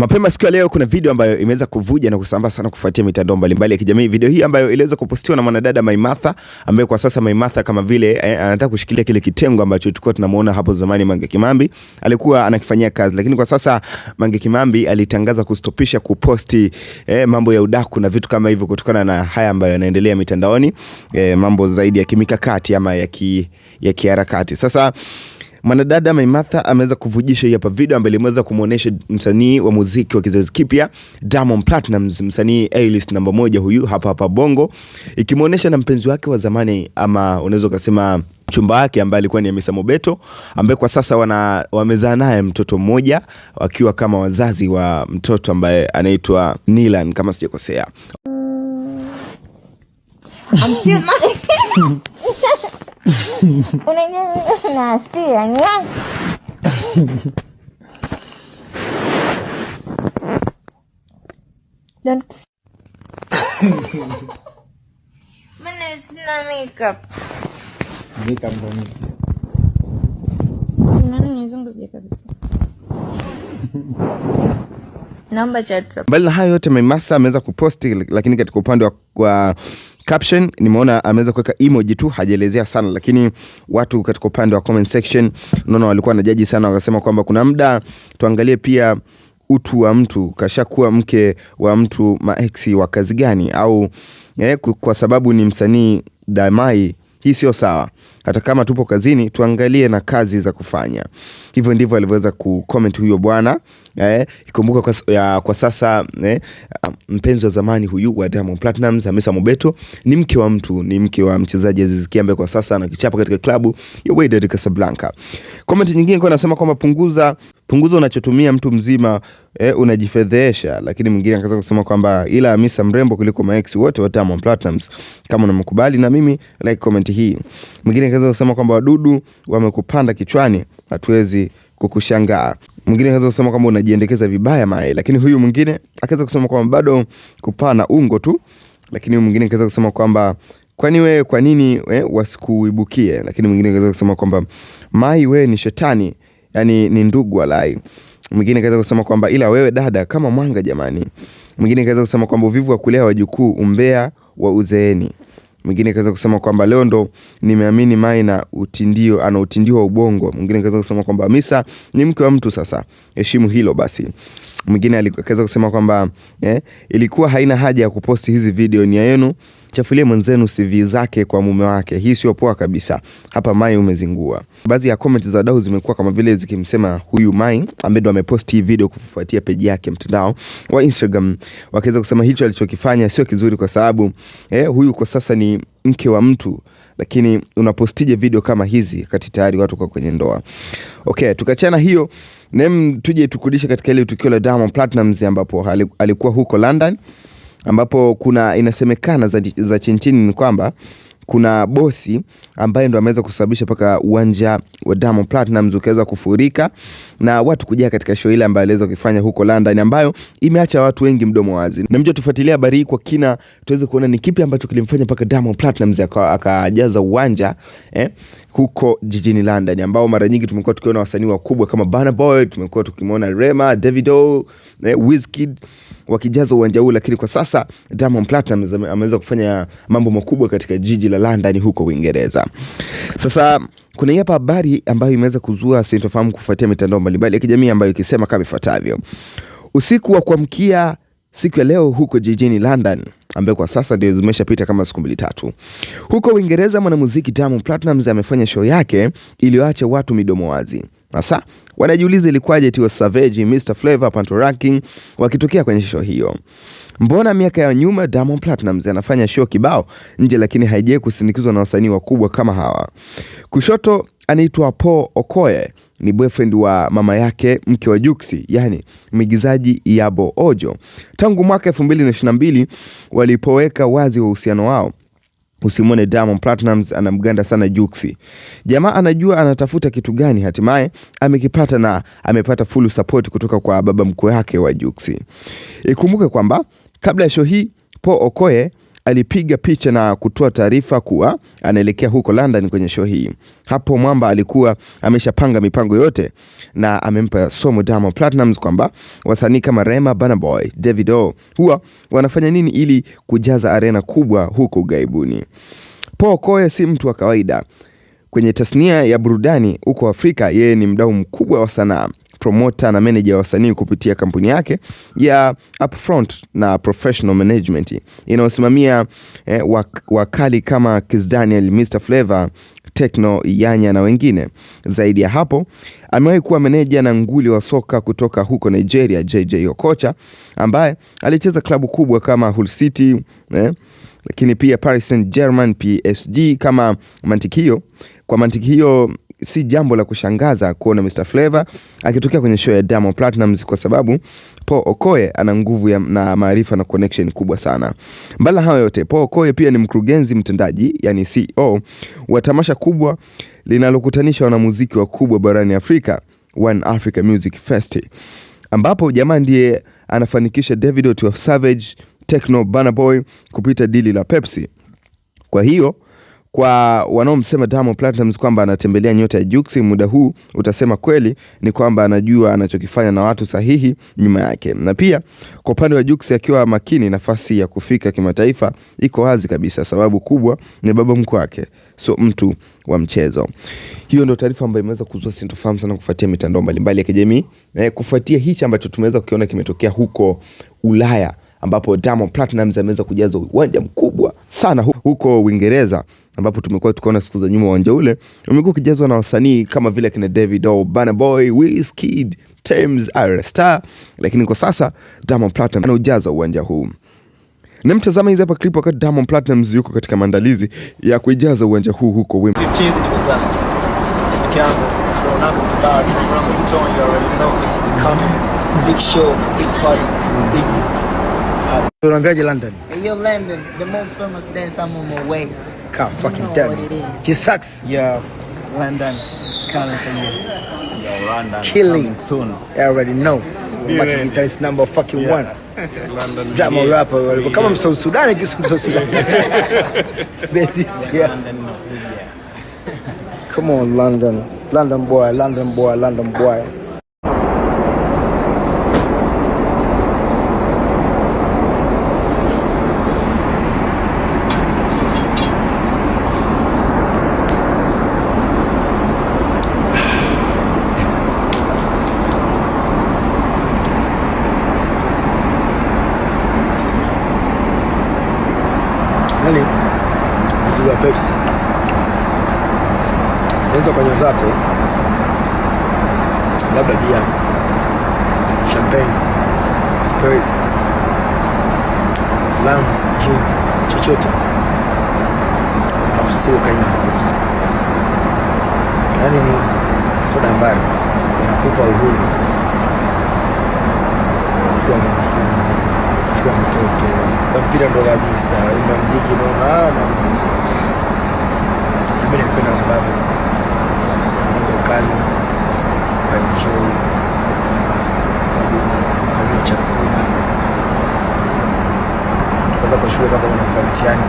Mapema siku ya leo kuna video ambayo imeweza kuvuja na kusambaa sana kufuatia mitandao mbalimbali ya kijamii. Video hii ambayo iliweza kupostiwa na mwanadada Maimartha ambaye kwa sasa Maimartha kama vile eh, anataka kushikilia kile kitengo ambacho tulikuwa tunamuona hapo zamani Mange Kimambi alikuwa anakifanyia kazi, lakini kwa sasa Mange Kimambi alitangaza kustopisha kuposti eh, mambo ya udaku na vitu kama hivyo kutokana na haya ambayo yanaendelea mitandaoni, eh, mambo zaidi ya kimikakati ama ya kiharakati. Sasa Mwanadada Maimartha ameweza kuvujisha hii hapa video ambayo imeweza kumwonyesha msanii wa muziki wa kizazi kipya Diamond Platnumz, msanii A-list namba moja huyu hapa hapa Bongo, ikimuonesha na mpenzi wake wa zamani ama unaweza ukasema chumba wake ambaye alikuwa ni Hamisa Mobeto ambaye kwa sasa wana wamezaa naye mtoto mmoja wakiwa kama wazazi wa mtoto ambaye anaitwa Nilan kama sijakosea. Unajua mimi na hasira Don't sina makeup. Makeup ndo mimi. Mbali na hayo yote Maimasa ameweza kuposti, lakini katika upande wa caption nimeona ameweza kuweka emoji tu, hajaelezea sana, lakini watu katika upande wa comment section unaona walikuwa na jaji sana, wakasema kwamba kuna muda tuangalie pia utu wa mtu, kashakuwa mke wa mtu, maexi wa kazi gani? Au eh, kwa sababu ni msanii Damai hii sio sawa. Hata kama tupo kazini, tuangalie na kazi za kufanya. Hivyo ndivyo alivyoweza kucomment huyo bwana eh. Ikumbuka kwa, kwa sasa eh, mpenzi wa zamani huyu wa Diamond Platnumz Hamisa Mobeto ni mke wa mtu, ni mke wa mchezaji Aziz Ki ambaye kwa sasa anakichapa katika klabu ya Wydad Casablanca. Comment nyingine kwa nasema kwamba punguza punguzo unachotumia mtu mzima eh, unajifedhesha. Lakini mwingine akaanza kusema kwamba ila Hamisa mrembo kuliko max wote wa Diamond Platnumz, kama unamkubali na mimi like comment hii. Mwingine akaanza kusema kwamba wadudu wamekupanda kichwani, hatuwezi kukushangaa. Mwingine akaanza kusema kwamba unajiendekeza vibaya Mae, lakini huyu mwingine akaweza kusema kwamba bado kupana ungo tu, lakini huyu mwingine akaanza kusema kwamba kwani wewe kwa nini we, eh, wasikuibukie? Lakini mwingine akaanza kusema kwamba Mai wewe ni shetani yani ni ndugu walai. Mwingine kaweza kusema kwamba ila wewe dada kama mwanga jamani. Mwingine kaweza kusema kwamba uvivu wa kulea wajukuu, umbea wa uzeeni. Mwingine kaweza kusema kwamba leo ndo nimeamini mai na utindio ana utindio wa ubongo. Mwingine kaweza kusema kwamba misa ni mke wa mtu sasa, heshimu hilo basi mwingine alikaweza kusema kwamba eh, ilikuwa haina haja ya kuposti hizi video, nia yenu chafulie mwenzenu CV zake kwa mume wake. Hii sio poa kabisa. Hapa Mai umezingua. Baadhi ya comment za dau zimekuwa kama vile zikimsema huyu Mai ambaye ndo amepost hii video kufuatia peji yake mtandao wa Instagram, wakiweza kusema hicho alichokifanya sio kizuri, kwa sababu eh, huyu kwa sasa ni mke wa mtu lakini unapostije video kama hizi kati tayari watu kwa kwenye ndoa. Okay, tukachana hiyo nem, tuje tukurudishe katika ile tukio la Diamond Platnumz ambapo alikuwa huko London ambapo kuna inasemekana za, za chinchini ni kwamba kuna bosi ambaye ndo ameweza kusababisha mpaka uwanja wa Diamond Platnumz ukaweza kufurika na watu kujaa katika show ile ambayo aliweza kufanya huko London, ambayo imeacha watu wengi mdomo wazi, na mje tufuatilie habari hii kwa kina tuweze kuona ni kipi ambacho kilimfanya mpaka Diamond Platnumz akajaza uwanja eh, huko jijini London, ambao mara nyingi tumekuwa tukiona wasanii wakubwa kama Burna Boy, tumekuwa tukimwona Rema, Davido eh, Wizkid wakijaza uwanja huu, lakini kwa sasa Diamond Platnumz ameweza kufanya mambo makubwa katika jiji la London huko Uingereza. Sasa kuna hapa habari ambayo imeweza kuzua sintofahamu kufuatia mitandao mbalimbali ya kijamii ambayo ikisema kama ifuatavyo: usiku wa kuamkia siku ya leo huko jijini London ambayo kwa sasa ndio zimeshapita kama siku mbili tatu. Huko Uingereza, mwanamuziki Diamond Platnumz amefanya show yake iliyoacha watu midomo wazi. Sasa wanajiuliza ilikuwaje Tiwa Savage, Mr Flavour, Pantora Ranking wakitokea kwenye show hiyo. Mbona miaka ya nyuma Diamond Platnumz anafanya show kibao nje, lakini haijawahi kusindikizwa na wasanii wakubwa kama hawa. Kushoto anaitwa Paul Okoye, ni boyfriend wa mama yake mke wa Juksi, yani mwigizaji yabo Ojo, tangu mwaka 2022 walipoweka wazi uhusiano wao Usimwone Diamond Platnumz anamganda sana Juksi. Jamaa anajua anatafuta kitu gani, hatimaye amekipata na amepata full support kutoka kwa baba mkwe wake wa Juksi. Ikumbuke kwamba kabla ya show hii Paul Okoye alipiga picha na kutoa taarifa kuwa anaelekea huko London kwenye show hii. Hapo Mwamba alikuwa ameshapanga mipango yote na amempa somo Diamond Platnumz kwamba wasanii kama Rema, Burna Boy, Davido huwa wanafanya nini ili kujaza arena kubwa huko ughaibuni. Paul koya si mtu wa kawaida kwenye tasnia ya burudani huko Afrika. Yeye ni mdau mkubwa wa sanaa promota na meneja wa wasanii kupitia kampuni yake ya Upfront na Professional Management inayosimamia eh, wakali kama Kiss Daniel, Mr Flavor, Tekno, Yanya na wengine. Zaidi ya hapo, amewahi kuwa meneja na nguli wa soka kutoka huko Nigeria JJ Okocha ambaye alicheza klabu kubwa kama Hull City eh, lakini pia Paris Saint-Germain PSG. Kama mantiki hiyo, kwa mantiki hiyo si jambo la kushangaza kuona Mr Flavor akitokea kwenye show ya Diamond Platnumz kwa sababu Paul Okoye ana nguvu na maarifa na connection kubwa sana. Mbali hayo yote, Paul Okoye pia ni mkurugenzi mtendaji yani CEO wa tamasha kubwa linalokutanisha wanamuziki wakubwa barani Afrika, One Africa Music Fest, ambapo jamaa ndiye anafanikisha Davido, 12 Savage, Techno, Burna Boy kupita dili la Pepsi. Kwa hiyo kwa wanaomsema Diamond Platnumz kwamba anatembelea nyota ya Juksi muda huu, utasema kweli ni kwamba anajua anachokifanya na watu sahihi nyuma yake. Na pia kwa upande wa Juksi, akiwa makini, nafasi ya kufika kimataifa iko wazi kabisa. Sababu kubwa ni baba mkwe wake, so mtu wa mchezo. Hiyo ndio taarifa ambayo imeweza kuzua sintofahamu sana kufuatia mitandao mbalimbali ya kijamii e, kufuatia hichi ambacho tumeweza kukiona kimetokea huko Ulaya ambapo Diamond Platnumz ameweza kujaza uwanja mkubwa sana huko Uingereza ambapo tumekuwa tukiona siku za nyuma uwanja ule umekuwa ukijazwa na wasanii kama vile kina David O, Burna Boy, Wizkid, Tems, Ayra Starr, lakini kwa sasa Diamond Platnumz anaujaza uwanja huu na mtazama hizi hapa clip wakati Diamond Platnumz yuko katika maandalizi ya kuijaza uwanja huu huko Wembley. London? London, the most famous dance I'm on my way. Can't fucking you tell me. He sucks. Yeah, London coming for you. Yeah, London killing soon. I already know. Maki guitarist number fucking yeah. one. London drama yeah. rapper yeah. kama msausudani kisu msausudani bassist yeah come on london london boy london boy london boy yani uzuri wa Pepsi naweza kwa zako, labda bia, champagne, spirit, lamb, gin, chochote afu sio na Pepsi, yani ni soda ambayo inakupa uhuru ukiwa mwanafunzi kila mtoto mpira ndo kabisa, ina mziki maana nami nakupenda, sababu unaweza ukali ukaenjoi kufanyia chakula kwa shule, kama una mfaa mtihani